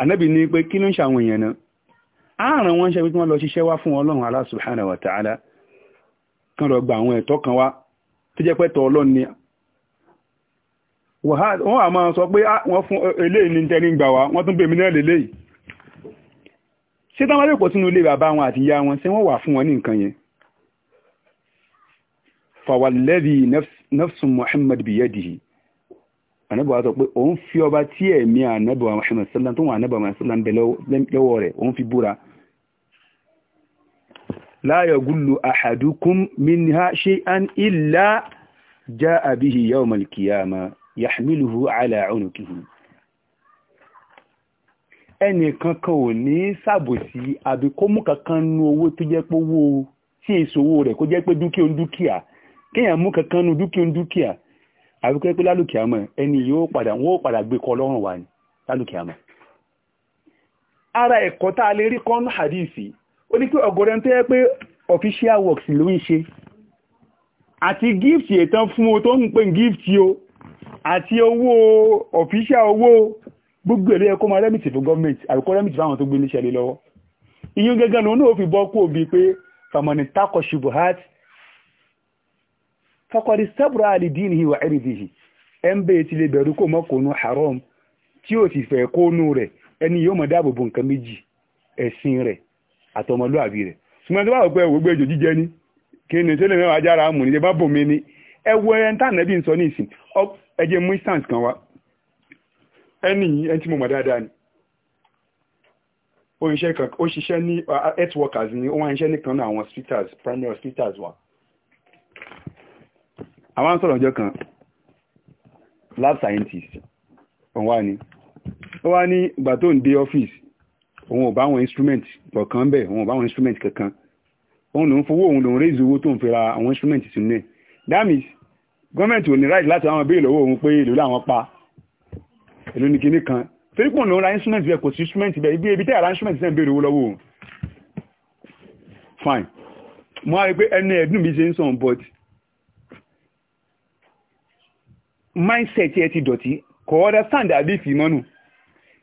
ànábì ní pé kí ló ń ṣàwọn èèyàn náà àárọ̀ wọn ṣe pé kí wọ́n lọ ṣiṣẹ́ wá fún ọlọ́run Allah subhanahu wa ta'ala kan lọ gba àwọn ẹ̀tọ́ kan wá tó jẹ́ pẹ́tọ̀ ọlọ́run ni wọ́n á máa sọ pé ah, wọ́n fún eléyìí ní tẹ́ni gbà wá wọ́n tún bèèmí náà lélẹ́yìí ṣé táwọn alẹ́kọ̀ọ́ sínú ilé bàbá wọn àti ìyá wọn ṣé wọ́n wà fún wọn ní nǹkan yẹn fàwàlẹ́dì nafsun Muhammad biyadihi ànábì wa sọ pé òun fi ọba tí ẹ̀mí ànábì wa Muhammad sallam tó wà ànábì wa Muhammad sallam bẹ lọ́wọ́ rẹ̀ òun fi búra la yagullu ahadukum minha shay'an illa jaa bihi yawm al-qiyamah yahmiluhu ala unukihi ẹnì kankan ò ní ṣàbòsí àbí kó mú kankan nu owó tó jẹ́ pé owó tí èso owó rẹ̀ kó jẹ́ pé dúkìá ń dúkìá kéèyàn mú kankan nu dúkìá ń dúkìá àbíkẹ́ pé lálùkì àmọ́ ẹni yóò padà wọ́n padà gbé kọ lọ́rùn wa ni lálùkì àmọ́ ara ẹ̀kọ́ tá a lè rí kan hadithi ó ní pé ọ̀gọ̀rẹ́ tó yẹ pé official works ló ń ṣe àti gift ètàn fún o tó ń pè gift o àti owó official owó gbogbo èlé ẹ̀kọ́ máa rẹ́mìtì fún gọ́ọ̀mẹ̀ntì àbíkọ́ rẹ́mìtì fáwọn tó gbé níṣẹ́ lé lọ́wọ́ ìyún gẹ́gẹ́ lòun náà fi bọ́ kó o bíi pé famani takọ̀ faqad istabra li dinihi wa irdihi ẹ̀ ń bẹ́ẹ̀ ti lè bẹ̀rù kó haram tí o ti fẹ́ kónú rẹ̀ ẹni yóò mọ̀ dáàbò bo nǹkan méjì ẹ̀sìn rẹ̀ àtọmọlúàbí rẹ̀ ṣùgbọ́n tó bá wọ pé ẹ̀wọ̀ gbé ejò jíjẹ ni tẹ́lẹ̀ mẹ́wàá jára mù m ẹbá bòmí ni ẹwọ ẹ̀ńtà nẹ́bí ń sọ ní ìsìn ẹjẹ mú instance kan wá dáadáa ni ní ni ń náà àwọn hospitals primary àwọn sọ̀rọ̀ ọjọ́ kan lab scientist òun wá ní ó wá ní ìgbà tó ń dé ọ́fíìsì òun ò bá àwọn instrument kọ̀ọ̀kan bẹ̀ òun ò bá àwọn instrument kankan òun lòun fowó òun lòun raise owó tó ń fi ra àwọn instrument sínú ẹ̀ that means gọ́ọ̀mẹ̀ntì ò ní right láti àwọn béèrè lọ́wọ́ òun pé èlò làwọn pa èlò ní kinní kan torí pé òun lòun ra instrument bẹ́ẹ̀ kò sí instrument bẹ́ẹ̀ ibi ibi tẹ́yà ra instrument sẹ́yìn béèrè owó lọ́wọ́ fine mo á rí pé ẹni ẹ̀dùn mi ṣe ń sọ̀n but mindset ẹ ti dọ̀tí kò understand àbí ìfìmọ́nù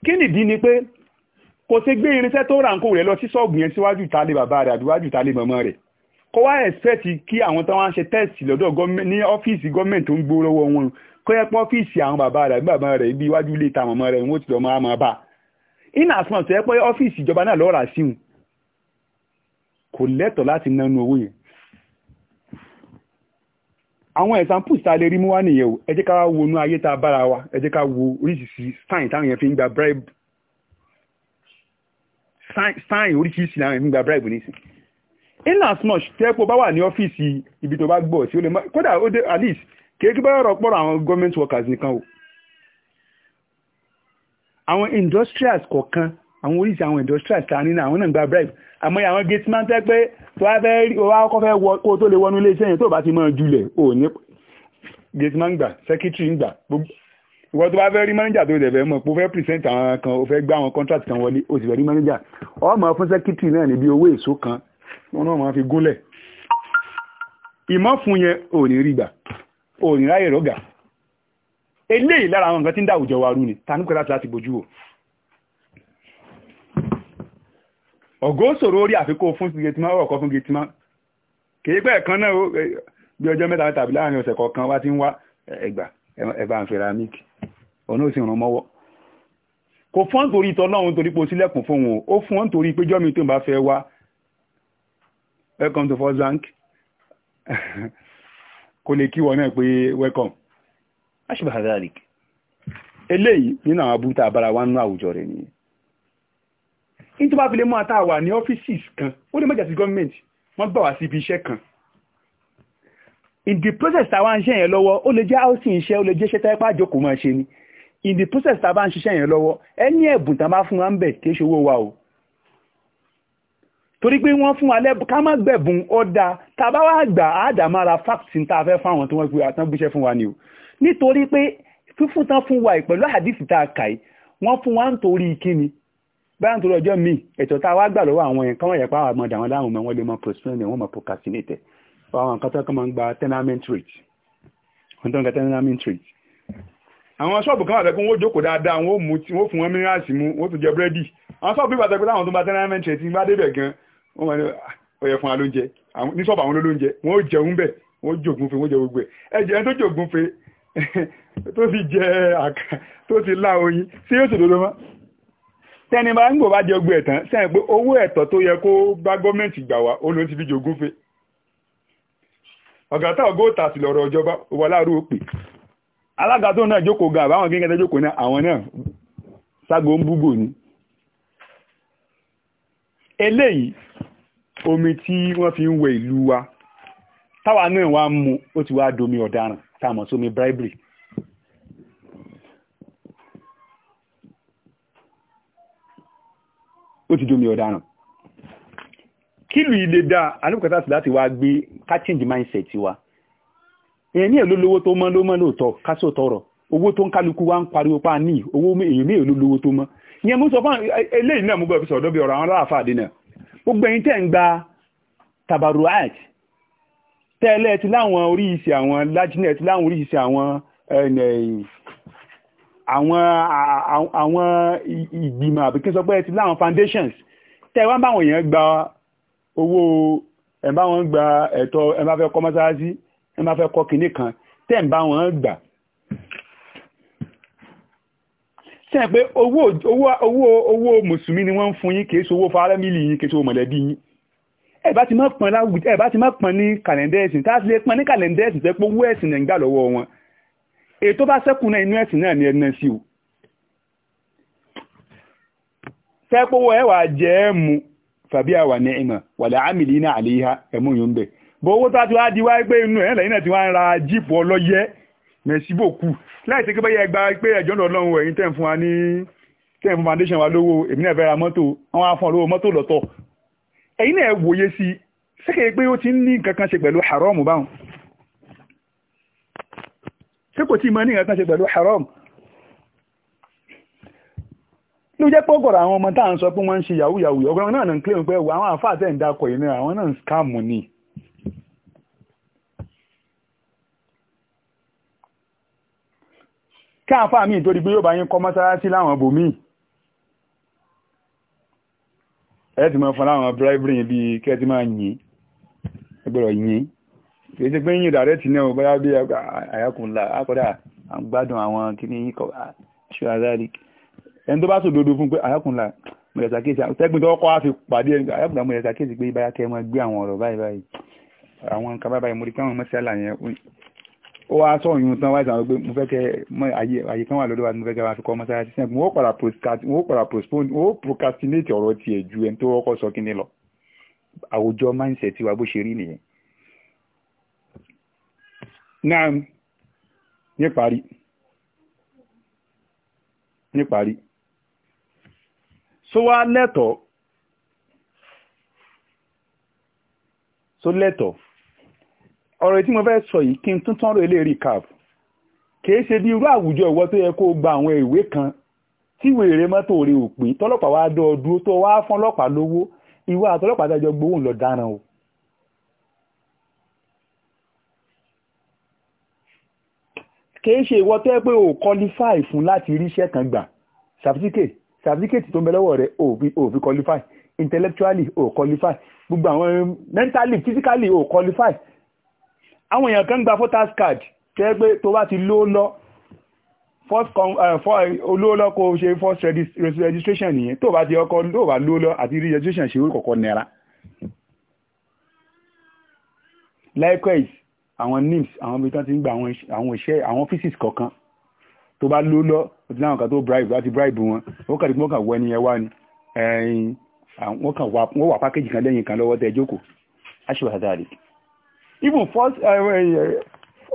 kí nìdí ni pé kò ṣe gbé irinṣẹ́ tó rà nǹkan rẹ̀ lọ sí ṣọ́ọ̀bù yẹn síwájú ìtàlẹ̀ bàbá rẹ̀ àdúwájú ìtàlẹ̀ mọ̀mọ́ rẹ̀ kó wá expect kí àwọn tó wá ń ṣe test lọ́dọ̀ ní ọ́fíìsì gọ́ọ̀mẹ̀ntì tó ń gbó lọ́wọ́ wọn kó yẹ pé ọ́fíìsì àwọn bàbá rẹ̀ àbí bàbá rẹ̀ bí iwájú ilé ìta mọ̀mọ́ rẹ̀ wọ́n ti lọ́ máa máa bá in as much ẹ pé ọ́fíìsì ìjọba náà lọ́ọ́ rà síhun kò lẹ́tọ̀ọ́ láti nánú owó yẹn àwọn example, tá a lè rí mú wá nìyẹn o ẹ jẹ́ ká wọnú ayé tá a bára wa ẹ jẹ́ ká wo oríṣiríṣi sign táwọn yẹn fi ń gba bribe sign oríṣiríṣi làwọn yẹn fi ń gba bribe nísìn in as much tẹ́pọ̀ bá wà ní ọ́fíìsì ibi tó bá gbọ́ sí ó lè mọ́ kódà ó dé at least kéèké bá rọ̀ pọ̀rọ̀ àwọn government workers nìkan o àwọn industrials kọ̀ọ̀kan àwọn oríṣi àwọn industrial ta nínú àwọn náà gba bribe àmọ́ àwọn gate man tẹ́ pé tó wá fẹ́ wá kọ́ fẹ́ wọ kó tó lè wọnú iléeṣẹ́ yẹn tó bá ti mọ̀ jùlẹ̀ ò ní gate man gbà secretary gbà ìwọ tó bá fẹ́ rí manager tó dẹ̀ fẹ́ mọ̀ pé ó fẹ́ present àwọn kan ó fẹ́ gbá àwọn contract kan wọlé ó sì fẹ́ rí manager ọmọ fún secretary náà níbi owó èso kan wọn náà máa fi gúnlẹ̀ ìmọ̀ fún yẹn ò ní rí gbà ò ní ráyè rọ́gà eléyìí lára àwọn nǹkan tí ń dá àwùjọ wa rú ni ta ní láti bójú wò ọ̀gọ́ òṣòro orí àfikún fún gẹ̀tìmá ọ̀kọ́ fún gẹ̀tìmá kìí pẹ́ kan náà bí ọjọ́ mẹ́ta tàbí láàrin ọ̀sẹ̀ kọ̀ọ̀kan wá ti ń wá ẹgbà ẹ̀bà ceramic ọ̀nà òsì ràn mọ́wọ́ kò fún ọ́n torí tọ́lọ́run torí pé ó sílẹ̀kùn fún wọn ó fún ọ́n torí pé jọ́mi tó bá fẹ́ wá welcome to first bank kò lè kí wọn náà pé welcome ashbahadalik eléyìí nínú àwọn abúta abára wa nínú àwùjọ rẹ̀ nìyẹn ní tó bá fi lè mú ata wà ní ọ́fíìsì kan ó lè mọ̀jà sí gọ́ọ̀mẹ̀ntì wọ́n gbà wá sí ibi iṣẹ́ kan in the process tá a wá ń ṣe yẹn lọ́wọ́ ó lè jẹ́ housing iṣẹ́ ó lè jẹ́ iṣẹ́ tá a bá jókòó máa ṣe ni in the process tá a bá ń ṣiṣẹ́ yẹn lọ́wọ́ ẹni ẹ̀bùn tá a bá fún wa ń bẹ̀ kí ṣòwò wa o torí pé wọ́n fún wa lẹ́bùn ká má gbẹ̀bùn ó dáa tá a bá wá gbà á dà mára fact tá a fẹ́ fáwọn tó wọ́n gbé àtàn gbéṣẹ́ fún wa ni o nítorí pé fífún tán fún wa pẹ̀lú àdìsí tá a kà yìí wọ́n fún wa ń torí kíni báyà tó lọ́jọ́ míì ẹ̀tọ́ tá a wá gbà lọ́wọ́ àwọn yẹn káwọn yẹn pa àwọn àmọ́dà wọn láwọn wọn lè mọ postpone wọn mọ procrastinate àwọn nǹkan tó kàn máa ń gba tenement rate wọn tó ń gba tenement rate. àwọn ṣọ́ọ̀bù kan wà pé wọ́n jókòó dáadáa wọ́n mú tí wọ́n fún wọn minerals mú wọ́n tún jẹ búrẹ́dì àwọn ṣọ́ọ̀bù bíbà tẹ́pẹ́ táwọn tó ń gba tenement rate bá débẹ̀ gan wọ́n máa ń ah, yẹ fún tẹni bá ń gbò bá jẹ́ ẹ̀tàn sẹ́yìn pé owó ẹ̀tọ́ tó yẹ kó bá gọ́ọ̀mẹ̀ntì gbà wá ó ló ti fi jogún fe ọ̀gá táwọn góòtà sí lọ́rọ̀ ìjọba wà láàrú òpè alága tó náà jókòó gan àbáwọn kí n kẹta jókòó náà àwọn náà ságo ń búgbò eléyìí omi tí wọ́n fi ń wẹ domi ọ̀daràn táwọn ó ti domi ọ̀daràn kílù ilé dá alúkọ̀tà sí láti wá gbé ká change mindset wa èèyàn ní èlò lówó tó mọ́ ló mọ́ lóòótọ́ ká sọ tọrọ owó tó ń kálukú wa ń pariwo pa ní owó èèyàn ní èlò lówó tó mọ́ ìyẹn mo sọ fún eléyìí náà mo gbọ́dọ̀ fi sọ̀dọ̀ bí ọ̀rọ̀ àwọn aláàfáà dé náà gbogbo ẹ̀yin tẹ́ ń gba tabaruat tẹ́lẹ̀ ti láwọn oríṣi àwọn lajnet láwọn oríṣi àwọn àwọn àwọn ìgbìmọ̀ àbíkí sọ pé ẹ ti láwọn foundations tẹ́ wá báwọn èèyàn gba owó ẹ̀ bá wọn gba ẹ̀tọ́ ẹ bá fẹ́ kọ́ mọ́sálásí ẹ bá fẹ́ kọ́ kinní kan tẹ́ ń bá wọn gbà sẹ́yìn pé owó owó owó mùsùlùmí ni wọ́n ń fún yín kìí sowó fárámìlì yín kìí sowó mọ̀lẹ́bí yín ẹ bá ti má pọn ní kàlẹ́ndẹ́ẹ̀sì tá a ti lè pọn ní kàlẹ́ndẹ́ẹ̀sì tẹ́ pé owó ẹ̀sìn lẹ́ ń gbà lọ́wọ́ wọn èyí tó bá sẹ́kù náà inú ẹ̀sìn náà ni ẹ̀nà sí o fẹ́pọ̀wọ́ ẹwà jẹ́ ẹ̀mù fàbí àwà ní ìmọ̀ wà láàmìlì náà àléhà ẹ̀mú yóò ń bẹ̀ bó owó tó ti wá di wáyé pé inú ẹ̀lẹ́yìn náà ti wá ń ra jíìpù ọlọ́yẹ mẹ̀síbò kù láìsí pé bẹ́yẹ gba pé ẹ̀jọ́ lọ́lọ́run ẹ̀yìn tẹ̀ ń fún wa ní tẹ̀ ń fún foundation wa lówó èmi náà fẹ́ ra mọ́tò àwọn afọ́n lówó mọ́tò lọ́tọ̀ ẹ̀yìn náà wòye sí sẹ́kẹ̀ẹ́ pé ó ti ń ní nǹkan kan ṣe pẹ̀lú haram báwọn ṣé kò tí ì máa ní ìrẹ́tàn ṣe pẹ̀lú haram ló jẹ́ pọ́gọ̀rọ̀ àwọn ọmọ táà ń sọ pé wọ́n ń ṣe yahoo yahoo ọgbọ́n náà ń claim pé àwọn àfáà tẹ̀ ń àwọn náà ń scam ni káàfà míì tó di pé yóò bá yín kọ́ mọ́sálásí láwọn ibò míì ẹ máa fún láwọn bribery bíi kẹ́ máa yìn ẹgbẹ́rọ̀ yìn kìí ṣe pé yín ìdàrẹ́tì náà bóyá bí àyàkùnlá àkọ́dà à ń gbádùn àwọn kìíní yìí kọ́ ṣọ́ àzárí ẹni tó bá sọ dodo fún pé àyàkùnlá mọ̀lẹ́sà kéèsì tẹ́gbìn tó kọ́ àfi pàdé ẹni àyàkùnlá mọ̀lẹ́sà kéèsì pé báyà kẹ́ mọ́ gbé àwọn ọ̀rọ̀ báyìí báyìí àwọn nǹkan báyìí mo rí pé mọ́sálà yẹn ó wá sọ ìyún tán wáyé sàn pé mo fẹ́ kẹ́ àyè kan wà lọ́dọ̀ wa mo fẹ́ kẹ́ wá fi kọ́ mọ́sálà ti sẹ́yìn wọ́n padà postpone wọ́n procrastinate ọ̀rọ̀ tiẹ̀ ju ẹni tó kọ́ sọ kíní lọ àwùjọ mindset wa bó ṣe rí nìyẹn náà níparí níparí so wá lẹ́tọ̀ọ́ so lẹ́tọ̀ọ́ ọ̀rọ̀ tí mo fẹ́ sọ yìí kí n tún tán rò ilé recap kìí ṣe bí irú àwùjọ ìwọ tó yẹ kó gba àwọn ìwé kan tí wèrè mọ́tò rẹ̀ ò pín tọ́lọ́pàá wá dọ́ ọdún tó wá fọ́n lọ́pàá lówó ìwọ àtọ́lọ́pàá dájọ́ gbowó ńlọ dáràn o kìí ṣe ìwọ tó pé o qualify fún láti ríṣẹ́ kan gbà certificate certificate tó ń bẹ lọ́wọ́ rẹ o fi qualify intellectually o qualify gbogbo àwọn mentally physically o qualify àwọn èèyàn kan gba photos card tó yẹ pé tó bá ti lówó lọ first com eh, olówó lọ kó ṣe first registration nìyẹn tó bá ti ọkọ tó bá lówó lọ àti registration ṣe orí kọ̀ọ̀kan náírà likewise àwọn nims àwọn ibi tí wọ́n ti ń gba àwọn iṣẹ́ àwọn ọ́fíìsì kọ̀ọ̀kan tó bá ló lọ ó ti láwọn kan tó bribe láti bribe wọn ó kàdé wọ́n kàn wọ ẹni yẹn wá ni wọ́n kàn wá wọ́n wà pákéjì kan lẹ́yìn kan lọ́wọ́ tẹ́ jókòó aṣèwádàrí even first eh, eh,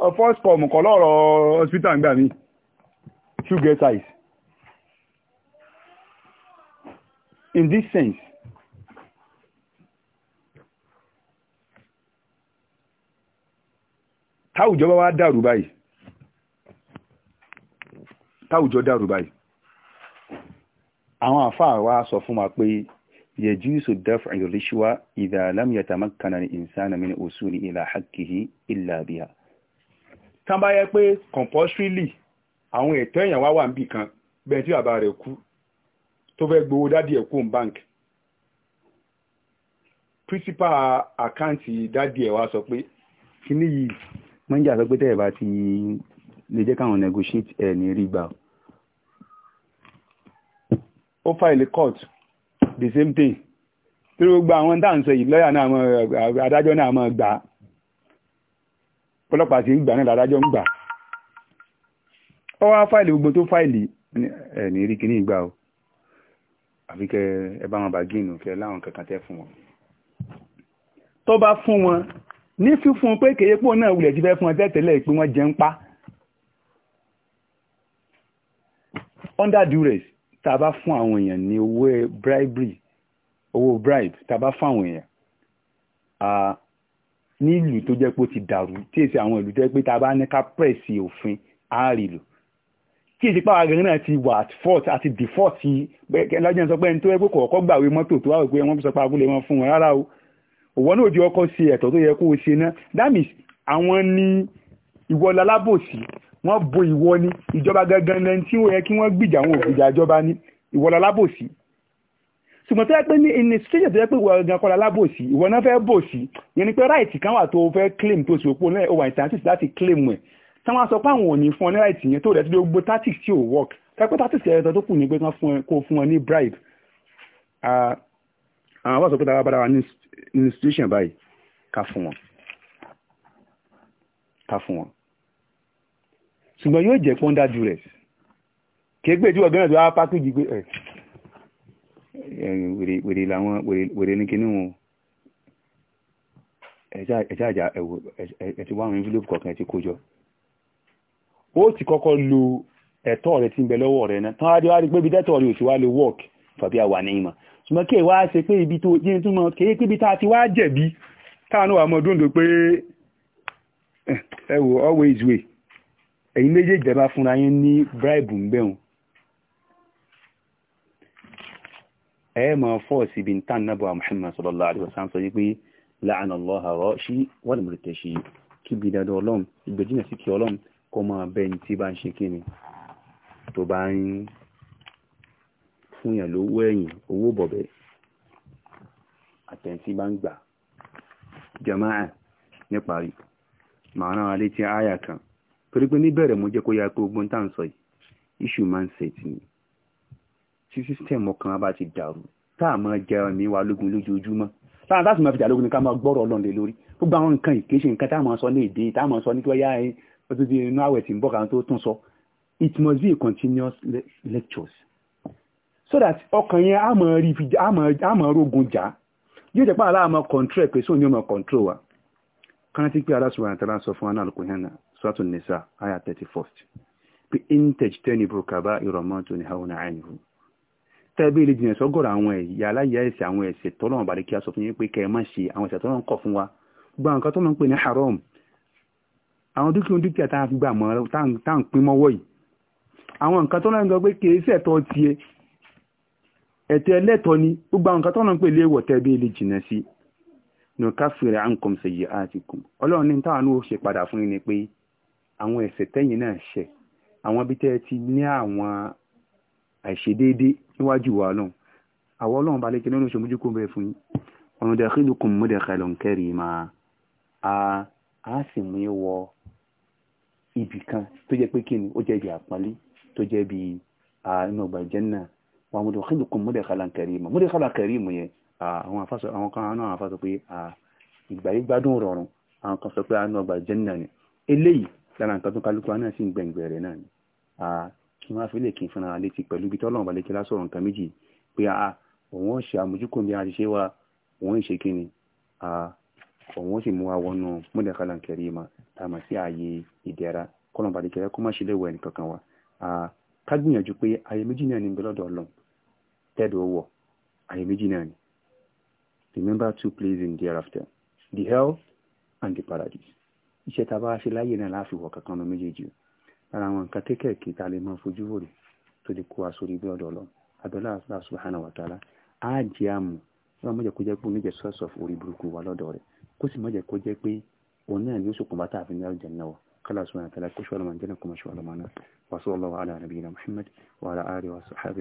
eh, first form kọ̀ lọ́rọ̀ hospital gbà mí two get size in this sense táwùjọ bá wá dàrú báyìí táwùjọ dàrú báyìí àwọn àfáà wa sọ fún wa pé يجوز دفع الرشوة إذا لم يتمكن الإنسان من الوصول إلى حقه إلا بها tán bá yẹ pé compulsorily àwọn ẹ̀tọ́ èèyàn wá wà níbì kan bẹ́ẹ̀ tí bàbá rẹ̀ kú tó fẹ́ gbowó dádì ẹ̀ kún bank principal àkáǹtì dádì ẹ̀ wá sọ pé kíní yìí mọ́njà sọ pé tẹ́ ẹ̀ bá ti lè jẹ́ káwọn negotiate ẹ̀ ní rí gbà ó file court the same thing tí gbogbo àwọn tá à ń sọ yìí lọ́yà náà mọ̀ adájọ́ náà mọ̀ gbà ọlọ́pàá sì ń gbà náà adájọ́ ń gbà ó wá fáìlì gbogbo tó fáìlì ẹ̀ ní rí kíní ìgbà o àfi kẹ ẹ bá wọn bá gíìnù kẹ láwọn kankan tẹ fún wọn tó bá fún wọn ní fífún pé kèye pò náà wulẹ̀ ti fẹ́ fún ọtẹ́ tẹ́lẹ̀ pé wọ́n jẹ́ ń pa under duress tá a bá fún àwọn èèyàn ní owó bribery owó bribe tá a bá fún àwọn èèyàn ní ìlú tó jẹ́ pé ó ti dàrú tí èsì àwọn ìlú tó jẹ́ pé tá a bá ní ká pẹ̀sì òfin á rí lò kí èsì pàwọn agbègbè náà ti wà at fault àti default lọ́jọ́ sọ pé ẹni tó yẹ pé kọ̀ọ̀kọ́ gbàwé mọ́tò tó wà wípé wọ́n sọ pé abúlé wọn fún wọn rárá o òwò náà di ọkọ ṣe ẹ̀tọ́ tó yẹ kó o ṣe náà that means àwọn ni ìwọ lalábòsí wọ́n bo ìwọ ni ìjọba gangan náà tí ó yẹ kí wọ́n gbìjà àwọn ògbìjà ìjọba ni ìwọ lalábòsí ṣùgbọ́n tó yẹ pé ní ní situation tó yẹ pé ìwọ gangan kọ́ lalábòsí ìwọ náà fẹ́ bòsí yẹn ni pé right kan wà tó o fẹ́ claim tó o sì rò pé o náà ó wà ní scientist láti claim ẹ̀ táwọn sọ pé àwọn ò ní fún ọ ní right yẹn tó rẹ̀ tó gbogbo tactics tí ò work pẹ́pẹ́ tactics ẹ̀rọ tó kù ní pé kó fún ọ ní bribe ah, àwọn àwọn sọ pé tàbá bára wa ní institution báyìí ká fún wọn ká fún wọn ṣùgbọ́n yóò jẹ́ pọ́ndà duress kéègbè tí wọ́n gánà tó wá pákéjì pé eh, eh, wèrè làwọn wèrè ní kinní wọn ẹ̀já àjà ẹ̀wò ẹ̀tí wọ́n àwọn envelope kọ̀ọ̀kan ti kó jọ ó ti kọ́kọ́ lo ẹ̀tọ́ rẹ̀ tí ń bẹ lọ́wọ́ rẹ̀ náà tán á dé wá rí pé bí dẹ́tọ̀ rẹ̀ ò ti wá lo work tàbí àwà ní ìmọ̀ ṣùgbọ́n kí wá ṣe pé ibi tó jí tún mọ́ kéé píbi tá ti wá jẹ̀bi káàánú àmọ́ dúndò pé eh, ẹ wò always way ẹ̀yin méjèèjì ẹ bá fúnra yín ní bribe ń bẹ̀rùn ẹ mọ̀ fọ́ọ̀sì ibi tán náà bọ̀ Muhammad sallallahu alaihi wasallam sọ wípé láàánà lọ́ha rọ́ sí wọ́n mú tẹ̀ sí kíbi dandan ọlọ́run ìgbẹ́jìnà sí kí ọlọ́run kọ́ máa bẹ́yìn tí bá ń ṣe kíni tó bá ń fún yàn lówó ẹ̀yìn owó bọ̀bẹ̀ àtẹ̀ntí bá ń gbà jama'a níparí màá rán wa létí àyà kan torí pé níbẹ̀rẹ̀ mo jẹ́ kó ya pé ogun tá à ń sọ yìí issue mindset ni tí system ọkàn bá ti dàrú tá a máa jẹ ẹ̀mí wa lógun lójoojúmọ́ lára láti máa fi dàlógun ni ká máa gbọ́rọ̀ ọlọ́run lé lórí gbogbo àwọn nǹkan ìkéṣe nǹkan tá a máa sọ ní èdè tá a máa sọ ní kí wọ́n yá ẹ ọtún di inú àwẹ̀ tí ń bọ̀ kan tó tún sọ it must be a continuous lectures so that ọkàn yẹn á mọ̀ rí fi ama jà yóò jẹ́ pé aláàmọ̀ wa kan pé aláṣọ àwọn àtàlà sọ fún wa náà yẹn náà sọ́tún nìsa àyà thirty first pé intech tẹ́ni burúkabá ìrọ̀mọ́ tó ní haúnà àìníhù tẹ́bí ilé jìnnà sọ́gọ́rọ̀ àwọn ẹ̀yà aláyà ẹ̀sẹ̀ àwọn ẹ̀sẹ̀ a sọ fún yín pé fi ẹ̀tọ́ ẹlẹ́tọ́ ni gbogbo àwọn kan tọ́nà ń pè lé wọ̀tẹ́ bí ilé jìnnà sí nukafir ankum sayyi'atikum ọlọ́run ní táwọn ó ṣe padà fún yín ni pé àwọn ẹ̀ṣẹ̀ tẹ́yìn náà ṣẹ̀ àwọn bí tẹ́ ẹ ti ní àwọn àìṣedéédé níwájú wa ọlọ́run àwọn ọlọ́run balẹ̀ kí ló ń ṣe kó bẹ́ẹ̀ fún yín ọ̀nà dakhilukum mudkhalan karima a a sì mú wọ ibì kan tó jẹ́ pé kí ó jẹ́ bí àpọ́nlé tó jẹ́ bí inú ọgbà Jánnà wà mú dùkún múdẹ̀ kàlà kẹrìmù múdẹ̀ kàlà kẹrìmù yẹn àwọn afásọ àwọn kan náà afásọ pé ìgbà yìí gbádùn rọrùn àwọn kan sọ pé àánú ọgbà jẹ́nà ni eléyìí lára nǹkan tó kálukú náà sì ń gbẹ̀ngbẹ̀ rẹ̀ náà ni kí wọ́n á fi lè kí n fúnra létí pẹ̀lú ibi tọ́lọ́run balẹ̀ kí lásọ̀rọ̀ nǹkan méjì pé òun ó ṣe àmójúkò bí a ti ṣe wa òun ó ṣe kí ni òun ó sì mú wa wọnú múdẹ̀ kàlà kẹrìmù tá a mọ̀ sí ààyè ìdẹ̀ra kọ́lọ́n balẹ̀ kẹrẹ́ kó pé ààyè méjì náà ní ń ọlọ́run tẹ́ẹ̀dù ọwọ́ àyè méjì náà remember two places in thereafter the hell and the paradise iṣẹ́ tá a bá ṣe láyè náà láàfin wọ̀ kankan lọ méjèèjì lára àwọn nǹkan kéékèèké tá lè máa fojú wò rè tó lè kó wa sórí bí ọ̀dọ̀ lọ abẹ́lá Allah subhanahu wa ta'ala á jẹ́ àmù wọ́n mọ̀jẹ̀ kó jẹ́ pé oníjẹ source of orí burúkú wa lọ́dọ̀ rẹ̀ kó sì mọ̀jẹ̀ kó jẹ́ pé òun náà yóò sokùnbá tá a fi ní aljanna wa kálá subhanahu wa ta'ala kó ṣọ́ ọlọ́mọ jẹ́nà kó mọ̀ ṣọ́ ọlọ́mọ náà wa Muhammad wa ala alihi wa sahbihi